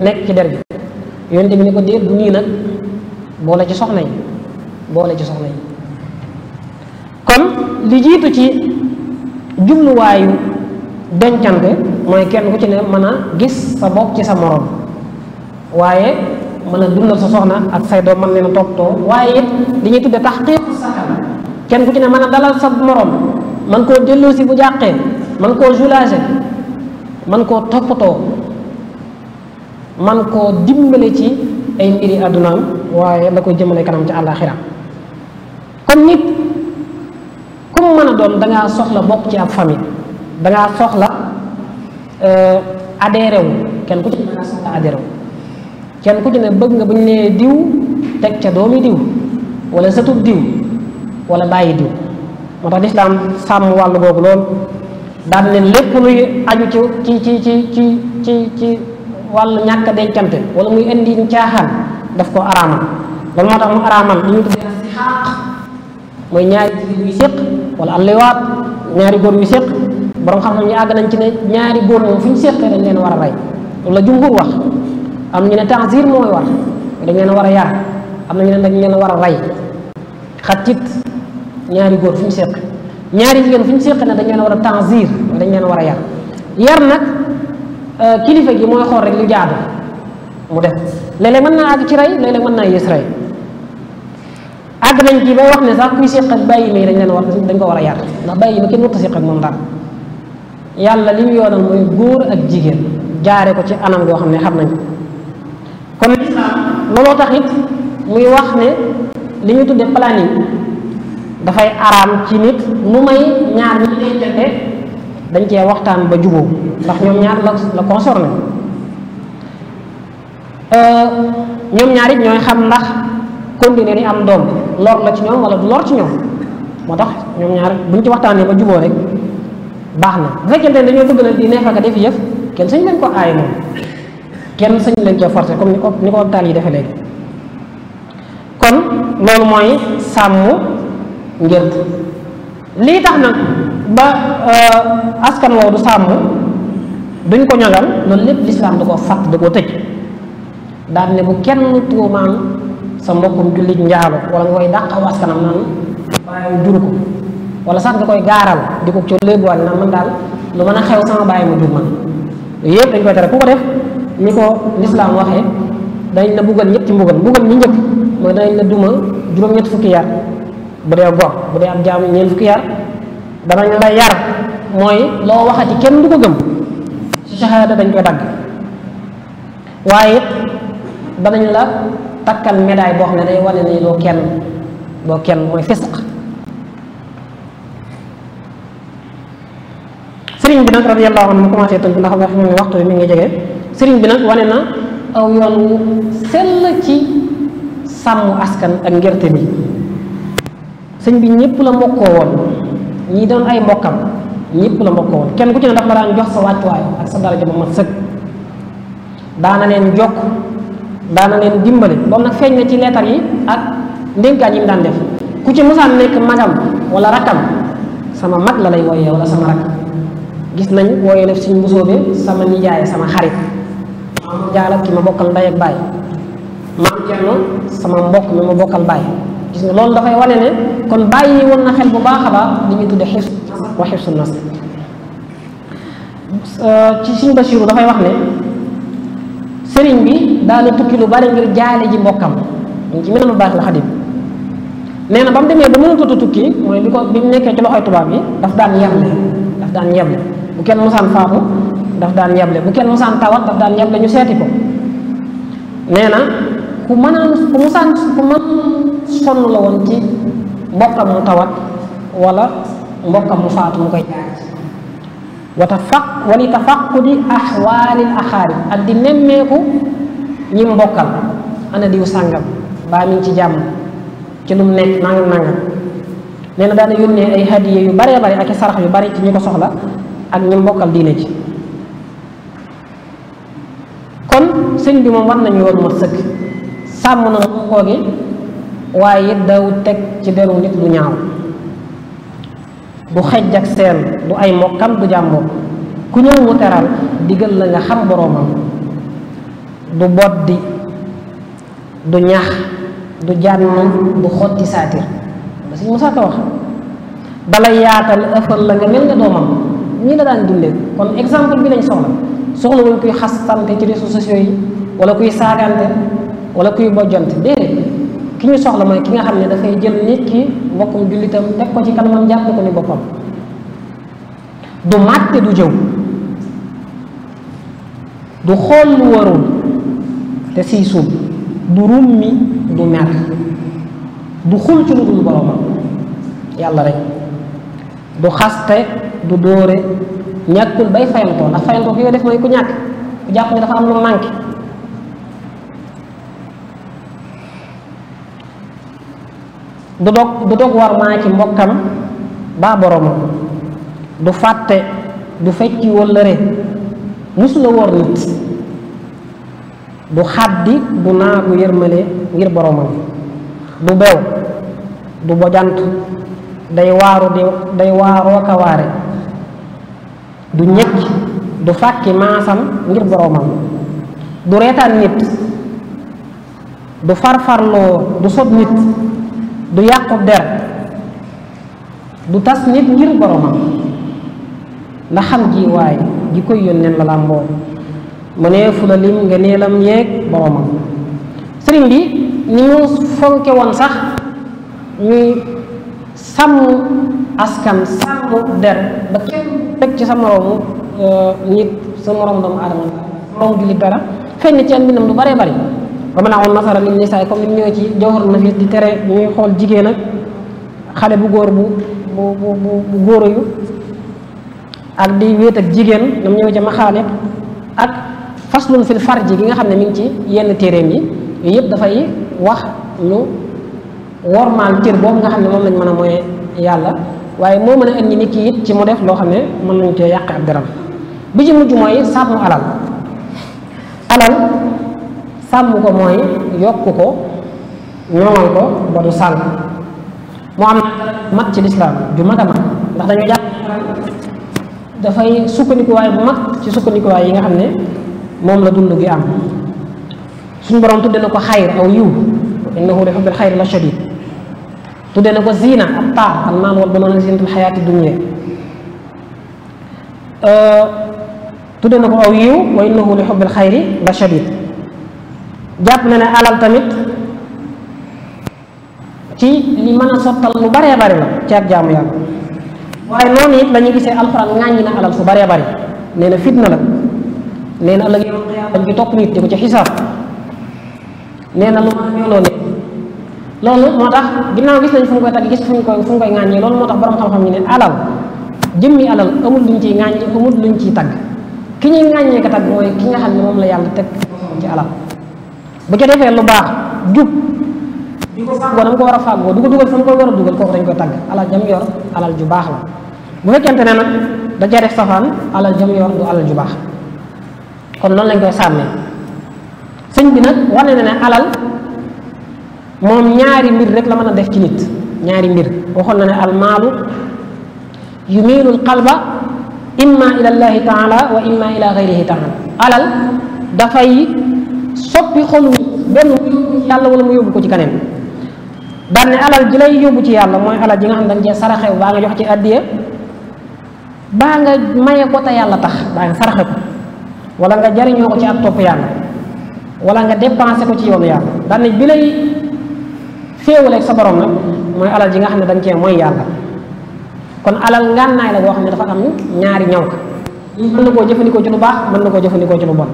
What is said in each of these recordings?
nekk ci der bi yonente bi ne ko déet bu nii nag boole ci soxna yi boole ci soxna yi kon li jiitu ci jubluwaayu dencante mooy kenn ku ci ne mën a gis sa bopp ci sa moroom waaye mën a dundal sa soxna ak say doom mën leen a toppatoo waaye it li ñuy tudde tax kenn ku ci ne mën a dalal sa moroom man koo delloosi bu jàqee man koo soulager man koo toppatoo man koo dimbale ci ay mbiri àddunaam waaye la koy jëmale kanam ci àllaaxira kon nit comme mën a doon danga soxla bokk ci ab famille dangaa soxla eh, adhéré kenn ku ci kenn ku ci ne bëgg nga bu ñu nee diw teg ca doomi diw walla satub diw wala bàyyi diw moo tax lislaam sàmm wàllu googu lool daan ne lépp luy aju ci ci ci ci ci wàllu ñàkk a dencante wala muy indi caaxaan def ko araamal loolu moo tax mu araamal li ñu tuddee sixaaq mooy ñaari jigéen yu séq wala alliwaat ñaari góor yu séq borom xam-xam ñu àgg nañ ci ne ñaari góor fu ñu séqee dañ leen war a rey loolu la jumhur wax am ñu ne tanzir mooy war dañ leen war a yar am na ñu ne dañ leen war a rey xatit ñaari góor fu ñu séq ñaari jigéen fu ñu séq ne dañ leen war a tanzir dañ leen war a yar yar Euh, kilifa gi mooy xool rek lu jaadu mu def léeg-léeg mën naa àgg ci rey léeg-léeg mën naa yées rey àgg nañ kii bay wax ne sax kuy séq ak bàyyi may dañ leen war dañ ko war a yar ndax bàyyi ma kenn warta séq ak moom dara yàlla li mu yoonal mooy góor ak jigéen jaare ko ci anam goo xam ne xam nañ ko kon looloo taxit muy wax ne li ñu tudde planning dafay araam ci nit mu may ñaar ñi lay jënte dañ cee waxtaan ba jubóo ndax ñoom ñaar la la concerné euh, ñoom ñaar it ñooy xam ndax continuer ni am doom lor la ci ñoom wala du lor ci ñoom moo tax ñoom ñaar buñ ci waxtaanee ba juboo rek baax na bu fekkente ne dañoo bëgg na di neefaka def yëf kenn sañ leen ko aay moom kenn sañ leen cee forcé comme ni ko ni ko taal yi defe léegi kon loolu mooy sàmm ngént lii tax nag ba euh, askan woow du sàmm duñ ko ñogal loolu lépp lislaam da koo fàtt da koo tëj daan ne bu kenn tuumaan sa mbokkum jullit njaalo wala nga koy dàqa waskanam naan bàyyi jur ko wala sax da koy gaaral di ko ci léebuwaat naan man daal lu mën a xew sama bàyyi ma jur man yëpp dañ koy tere ku ko def ni ko lislaam waxee dañ la buggal ñetti mbugal mbugal mi njëkk mooy dañ la duma juróom-ñett fukki yar bu dee gor bu dee ab jaam ñeent fukki yar danañ la yar mooy loo waxati kenn du ko shahaada dañ koy dagg waaye it danañ la takkal médaille boo xam ne day wane ni doo kenn kenn mooy fisq sëriñ bi nag radiyallahu anhu mu commencé ndax wax moom mi ngi jege sëriñ bi nag wane na aw yoon sell ci sàmm askan ak ngerte bi sëñ bi ñépp la mbokkoo woon ñi doon ay mbokkam ñépp la mbokk woon kenn ku ci ne dafa daan jox sa wàccuwaay ak sa daraja ba mat sëg daana leen jokk daana leen dimbali boobu nag feeñ na ci leetar yi ak ndénkaan yi mu daan def ku ci mosaan nekk magam wala rakkam sama mag la lay wooyee wala sama rakk gis nañ wooyee def suñ mbusóobe sama nijaay sama xarit maam jaala ki ma bokkal ndey ak baay maam Thierno sama mbokk mi ma bokkal baay gis nga loolu dafay wane ne kon bàyyi woon na xel bu baax a li ñu tudde xis wa nase euh, nas ci suñ Basiiru dafay wax ne sëriñ bi daana tukki lu bari ngir jaale ji mbokkam ci meneen baaxil xadim nee na ba mu demee ba mënatut a tukki mooy bi ko mu nekkee ci loxoy tubaab yi daf daan yeble daf daan yeble bu kenn musaan faatu daf daan yeble bu kenn musaan tawat daf daan la ñu seeti ko nee na ku mën a ku musaan ku mën sonn la woon ci mbokkam mu tawat wala mbokkam mu faatu mu koy jaare ci wa tafaq wali ak di nemmeeku ñi mbokkal ana diw sàngam baa mi ngi ci jàmm ci lu mu nekk nangam nangam nee na daana yónnee ay hadiye yu baree bari ak i sarax yu bari ci ñi ko soxla ak ñi mbokkal diine ci kon sëñ bi moom war nañu woon mat sëkk sàmm na mu koogi waaye it teg ci deru nit lu ñaaw du xejj ak seen du ay mokkam du jàmmoo ku ñëw mu teral digal la nga xam boroomam du boddi du ñax du jànn du xotti saatir ba si Musaa Ka wax balay yaatal ëffal la nga mel ne doomam ñii la daan dundee kon exemple bi lañ soxla soxla wuñ kuy xastante ci réseaux sociaux yi wala kuy saagante wala kuy bojjante déedéet ki ñu soxla mooy ki nga xam ne dafay jël nit ki mbokkum jullitam teg ko ci kanamam jàpp ko ni boppam du màtte du jëw du xool lu warul te siy suub du rummi du mer du xul ci lu dul boromam yàlla rek du xaste du dóore ñàkkul bay fayantoo ndax fayantoo ki koy def mooy ku ñàkk ku jàpp ne dafa am lu manqué du dog du dog war maa ci mbokkam baa boromam du fàtte du fecci wëllëre musu la nit du xaddi du naagu yërmale ngir boromam du bew du bojant day waaru di day waaroo ka du ñëkk du fàkki maasam ngir boromam du reetaan nit du farfarloo du sob nit du yàqu der du tas nit ngir boromam ndax xam ji waaye ji koy yónneen la làmboo mu ne fu la lim nga neelam yeeg boromam sëriñ bi ni mu fonke woon sax ñuy sàmm askan sàmm der ba kenn teg ci sa moroomu euh, nit sa moroom doomu aadama moroom jullit dara feeñ na ci am mbindam lu baree bari ba mën a woon nasara min nisaay comme ni mu ñëwee ci jawhar nafis di tere ñuy xool jigéen ak xale bu góor bu bu bu bu góor yu ak di wéet ak jigéen nam ñëwee ci maxaalib ak faslun fil ji gi nga xam ne mi ngi ci yenn téeréem yi yooyu yëpp dafay wax ñu wormaal cër boobu nga xam ne moom lañ mën a mooy yàlla waaye moo mën a ñi nit ki it ci mu def loo xam ne mën nañu cee yàq ak dara bi ci mujj mooy sàmm alal alal sàmm ko mooy yokk ko ñoŋal ko ba du sànq mu am mat ci lislaam ju mag a ndax dañu jàpp dafay sukkandikuwaay bu mag ci sukkandikuwaay yi nga xam ne moom la dund gi am suñu borom tudde na ko xayr aw yiw innahu li xubbil xayr la shadid tudde na ko ziina ak taar al maal wal ziinatul xayaati dunya tudde na ko aw yiw wa innahu li xubbil xayri la shadid jàpp na ne alal tamit ci li mën a sottal lu baree bari la ci ak jaamu yàlla waaye noonu it la ñu gisee alxuraan ŋàññi na alal su baree bari nee na fitna la nee na ëllëg yow dañ ci nit di ko ci xisaab nee na lu ma yooloo moo tax ginnaaw gis nañ fu ñu koy tag gis fu ñu koy fu borom xam-xam ñu ne alal jëmmi alal amul luñ ciy ŋàññi amul luñ ciy tagg ki ñuy ŋàññee ko tagg mooy ki nga xam ne moom la yàlla teg ci alal bu ca defee lu baax jub di ko fàggoo na mu ko war a fàggoo du ko dugal fa mu ko war a dugal kooku dañ koy tàgg alal jam yor alal ju baax la bu fekkente ne nag da ca def safaan alal jam yor du alal ju baax kon noonu lañ koy sàmmee sëñ bi nag wane na ne alal moom ñaari mbir rek la mën a def ci nit ñaari mbir waxoon na ne almaalu yumiilul qalba imma ila llaahi taala wa imma ila gayrihi taala alal dafay soppi xolu dem yàlla wala mu yóbbu ko ci kaneen daan ne alal ji lay yóbbu ci yàlla mooy alal ji nga xam dañ cee saraxew baa nga jox ci addiya baa nga maye ko yàlla tax baa nga saraxe ko wala nga jariñoo ko ci ak topp yàlla wala nga dépensé ko ci yoonu yàlla daan ne bi lay féewaleeg sa borom nag mooy alal ji nga xam ne dañ cee mooy yàlla kon alal ngànnaay la boo xam ne dafa am ñaari ñaw ka mën na koo jëfandikoo ci lu baax mën na koo jëfandikoo ci lu bon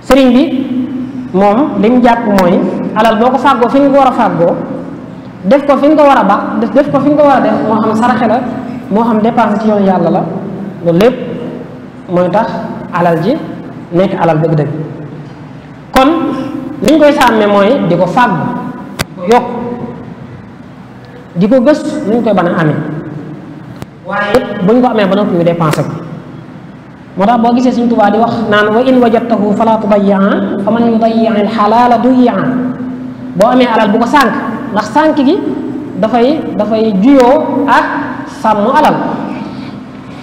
sëriñ bi moom li jàpp mooy alal boo ko fàggoo fi nga ko war a fàggoo def ko fi nga ko war a ba def ko fi nga ko war a def moo xam saraxe la moo xam dépense ci yoonu yàlla la loolu lépp mooy tax alal ji nekk alal dëgg-dëgg kon li ñu koy sàmmee mooy di ko fàggu yokk di ko gës nu ñu koy ban a amee waaye bu ñu ko amee ba noppi ñu dépensé ko moo tax boo gisee suñ tubaa di wax naan wa in wajadtahu fala tudayaa fa man yudayaa al xalaala duyaa boo amee alal bu ko sànq ndax sànq gi dafay dafay juyoo ak sàmm alal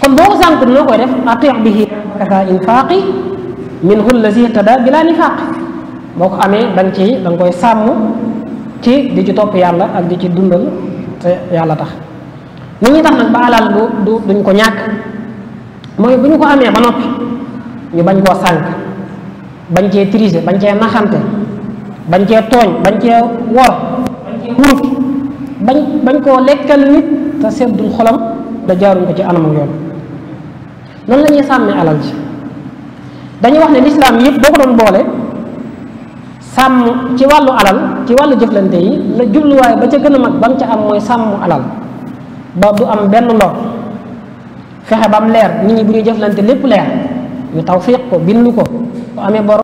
kon boo ko sànqut noo koy def atiq bihi kaka infaaqi minhu allazi ihtada bila nifaaq boo ko amee da ci da koy sàmm ci di ci topp yàlla ak di ci dundal te yàlla tax nit ñi tax nag ba alal du du duñ ko ñàkk mooy bu ñu ko amee ba noppi ñu bañ koo sànk bañ cee triser bañ cee naxante bañ cee tooñ bañ cee wor bañ bañ bañ koo lekkal nit te seddul xolam da jaaruñ ko ci anam yoon noonu la ñuy sàmmee alal ji dañuy wax ne lislaam yëpp boo ko doon boole sàmm ci wàllu alal ci wàllu jëflante yi la jubluwaay ba ca gën a mag ba mu am mooy sàmm alal ba du am benn lor fexe ba mu leer nit ñi bu ñuy jëflante lépp leer ñu tawfiq ko bindu ko bu amee bor